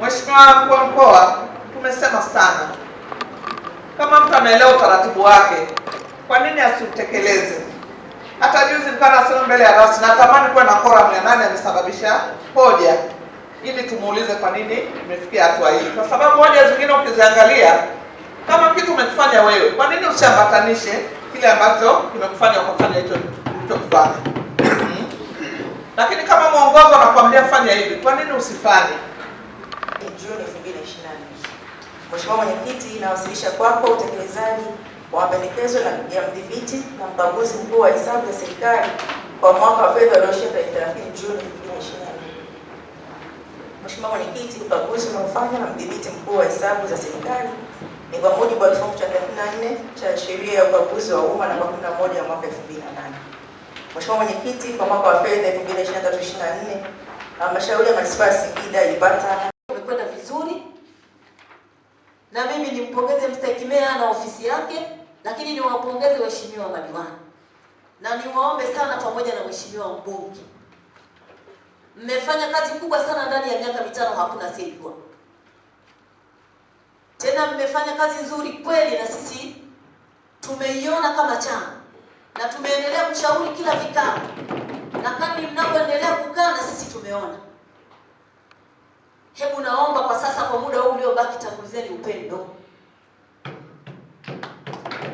Mheshimiwa mkuu wa mkoa, tumesema sana, kama mtu anaelewa utaratibu wake, kwa nini asiutekeleze? Hata juzi nilikuwa nasema mbele ya rasi, natamani kuwe na forum ya nani amesababisha hoja, ili tumuulize kwa nini imefikia hatua hii, kwa sababu hoja zingine ukiziangalia, kama kitu umekifanya wewe, kwa nini usiambatanishe kile ambacho kimekufanya ukafanya hicho ulichokifanya? Hmm? Lakini kama mwongozo anakuambia fanya hivi, kwa nini usifanye? ni Juni 2024. Mheshimiwa Mwenyekiti, inawasilisha kwako utekelezaji wa mapendekezo ya mdhibiti na mkaguzi mkuu wa hesabu za serikali kwa mwaka wa fedha ulioishia tarehe 30 Juni 2024. Mheshimiwa Mwenyekiti, ukaguzi unaofanywa na mdhibiti mkuu wa hesabu za serikali ni kwa mujibu wa kifungu cha 34 cha sheria ya ukaguzi wa umma namba 11 ya mwaka 2008. Mheshimiwa Mwenyekiti, kwa mwaka wa fedha 2023/2024 halmashauri ya manispaa ya Singida ilipata na mimi nimpongeze mstahiki meya na ofisi yake, lakini niwapongeze waheshimiwa madiwani na niwaombe sana, pamoja na mheshimiwa mbunge, mmefanya kazi kubwa sana ndani ya miaka mitano, hakuna asiyejua. Tena mmefanya kazi nzuri kweli, na sisi tumeiona kama chama na tumeendelea kushauri kila vikao, na kadri mnapoendelea kukaa na sisi tumeona Hebu naomba kwa sasa, kwa muda huu uliobaki, tangulizeni upendo,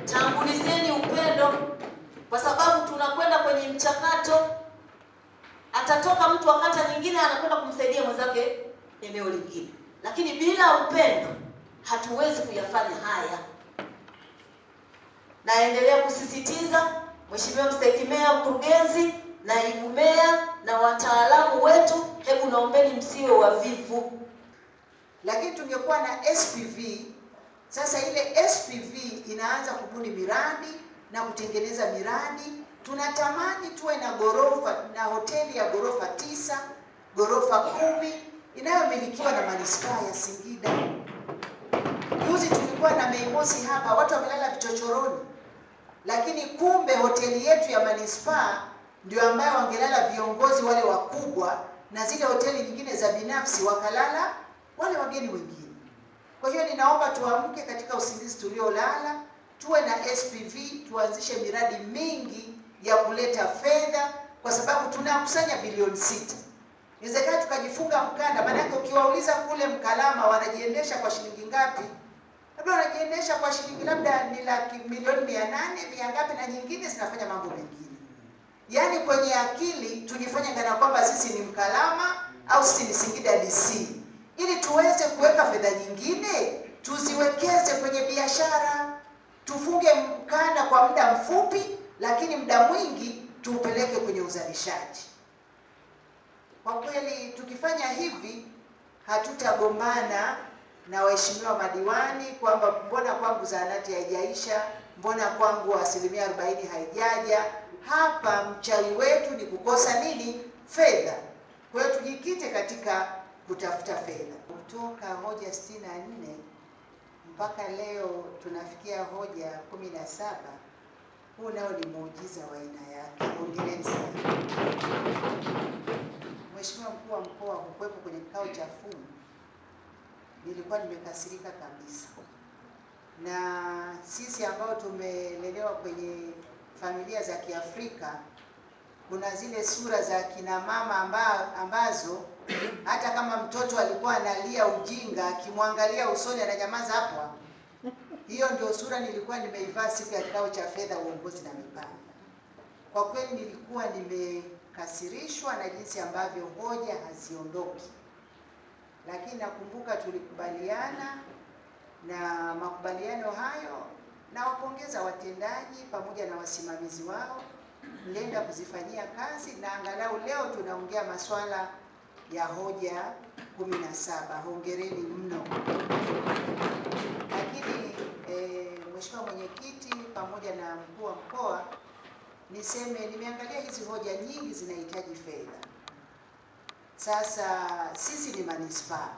tangulizeni upendo, kwa sababu tunakwenda kwenye mchakato. Atatoka mtu wa kata nyingine anakwenda kumsaidia mwenzake eneo lingine, lakini bila upendo hatuwezi kuyafanya haya. Naendelea kusisitiza Mheshimiwa Mstahiki Meya, mkurugenzi, naibu meya na wata msiwe wavivu. Lakini tungekuwa na SPV sasa, ile SPV inaanza kubuni miradi na kutengeneza miradi. Tunatamani tuwe na gorofa na hoteli ya gorofa tisa, gorofa kumi inayomilikiwa na manispaa ya Singida. Juzi tulikuwa na Mei Mosi hapa, watu wamelala vichochoroni, lakini kumbe hoteli yetu ya manispaa ndio ambayo wangelala viongozi wale wakubwa na zile hoteli nyingine za binafsi wakalala wale wageni wengine. Kwa hiyo ninaomba tuamke katika usingizi tuliolala, tuwe na SPV, tuanzishe miradi mingi ya kuleta fedha, kwa sababu tunakusanya bilioni sita. Inawezekana tukajifunga mkanda, maanake ukiwauliza kule Mkalama wanajiendesha kwa shilingi ngapi, labda wanajiendesha kwa shilingi labda ni laki milioni mia nane mia ngapi, na nyingine zinafanya mambo mengine yaani kwenye akili tujifanye kana kwamba sisi ni Mkalama au sisi ni Singida DC, ili tuweze kuweka fedha nyingine tuziwekeze kwenye biashara, tufunge mkanda kwa muda mfupi, lakini muda mwingi tuupeleke kwenye uzalishaji. Kwa kweli tukifanya hivi hatutagombana na waheshimiwa madiwani kwamba mbona kwangu zahanati haijaisha mbona kwangu asilimia arobaini haijaja? Hapa mchawi wetu ni kukosa nini? Fedha. Kwa hiyo tujikite katika kutafuta fedha. Kutoka hoja sitini nne mpaka leo tunafikia hoja kumi na saba. Huu nao ni muujiza wa aina yake. Hongereni sana Mheshimiwa mkuu wa mkoa, hukuwepo kwenye kikao cha fumu, nilikuwa nimekasirika kabisa na sisi ambao tumelelewa kwenye familia za Kiafrika kuna zile sura za kina mama amba, ambazo hata kama mtoto alikuwa analia ujinga akimwangalia usoni ananyamaza hapo. Hiyo ndio sura nilikuwa nimeivaa siku ya kikao cha fedha, uongozi na mipango. Kwa kweli nilikuwa nimekasirishwa na jinsi ambavyo hoja haziondoki, lakini nakumbuka tulikubaliana na makubaliano hayo, nawapongeza watendaji pamoja na wasimamizi wao, mlienda kuzifanyia kazi na angalau leo tunaongea masuala ya hoja 17. Hongereni mno. Lakini e, Mheshimiwa Mwenyekiti pamoja na mkuu wa mkoa, niseme nimeangalia hizi hoja nyingi zinahitaji fedha. Sasa sisi ni manispaa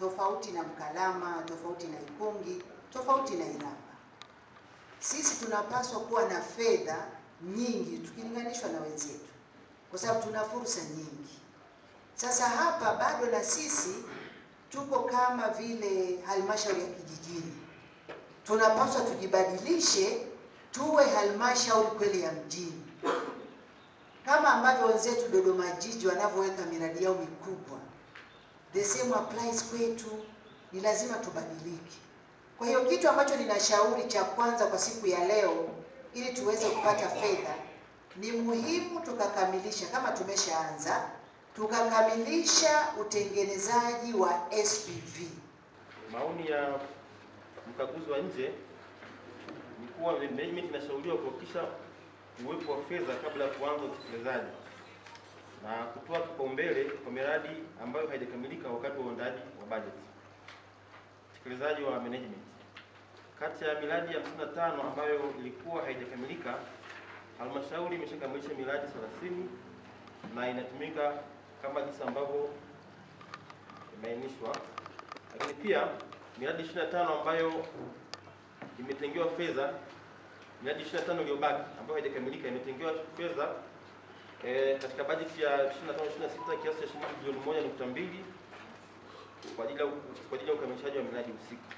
tofauti na Mkalama, tofauti na Ikungi, tofauti na Iramba. Sisi tunapaswa kuwa na fedha nyingi tukilinganishwa na wenzetu, kwa sababu tuna fursa nyingi. Sasa hapa bado na sisi tuko kama vile halmashauri ya kijijini, tunapaswa tujibadilishe tuwe halmashauri kweli ya mjini, kama ambavyo wenzetu Dodoma jiji wanavyoweka miradi yao mikubwa the same applies kwetu, ni lazima tubadilike. Kwa hiyo kitu ambacho ninashauri cha kwanza kwa siku ya leo, ili tuweze kupata fedha, ni muhimu tukakamilisha, kama tumeshaanza, tukakamilisha utengenezaji wa SPV. Maoni ya mkaguzi wa nje ni kuwa management inashauriwa kuhakikisha uwepo wa fedha kabla ya kuanza utekelezaji na kutoa kipaumbele kwa miradi ambayo haijakamilika wakati wa uandaji wa bajeti. Utekelezaji wa management. Kati ya miradi ya 55 ambayo ilikuwa haijakamilika, halmashauri imeshakamilisha miradi 30 na inatumika kama jinsi ambavyo imeainishwa, lakini pia miradi 25 ambayo imetengewa fedha, miradi 25 iliyobaki ambayo haijakamilika imetengewa fedha E, katika bajeti ya 25 26 kiasi cha shilingi bilioni 1.2 kwa ajili kwa ajili ya ukamilishaji wa miradi husika.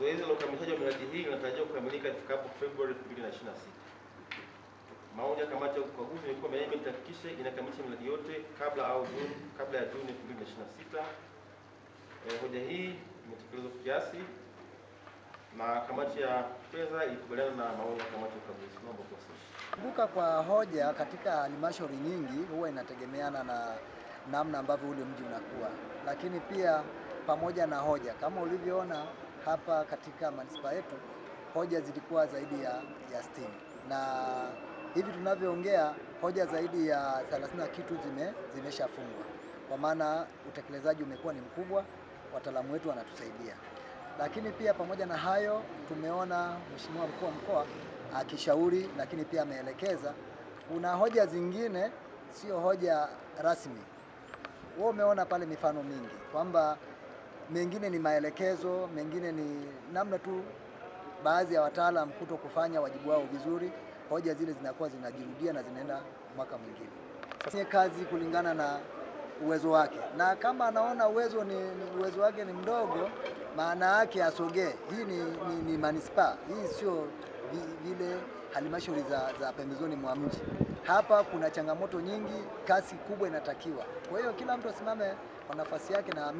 Zoezi la ukamilishaji wa miradi hii linatarajiwa kukamilika ifikapo Februari 2026. Maoni ya kamati ya ukaguzi ni kwamba management hakikishe inakamilisha miradi yote kabla au Juni, kabla ya Juni 2026. E, hoja hii imetekelezwa kiasi na kamati ya fedha ilikubaliana na maoni ya kamati ya ukaguzi. sasa, kumbuka Kwa hoja katika halmashauri nyingi huwa inategemeana na namna ambavyo ule mji unakuwa, lakini pia pamoja na hoja kama ulivyoona hapa katika manispaa yetu hoja zilikuwa zaidi ya, ya sitini na hivi tunavyoongea hoja zaidi ya 30 kitu zime, zimeshafungwa kwa maana utekelezaji umekuwa ni mkubwa, wataalamu wetu wanatusaidia. Lakini pia pamoja na hayo, tumeona Mheshimiwa mkuu wa mkoa akishauri, lakini pia ameelekeza kuna hoja zingine sio hoja rasmi. Wewe umeona pale mifano mingi kwamba mengine ni maelekezo, mengine ni namna tu baadhi ya wataalam kuto kufanya wajibu wao vizuri, hoja zile zinakuwa zinajirudia na zinaenda mwaka mwingine. Sasa kazi kulingana na uwezo wake, na kama anaona uwezo ni, ni uwezo wake ni mdogo, maana yake asogee. Hii ni, ni, ni manispaa, hii sio vile halmashauri za, za pembezoni mwa mji. Hapa kuna changamoto nyingi, kasi kubwa inatakiwa. Kwa hiyo kila mtu asimame kwa nafasi yake na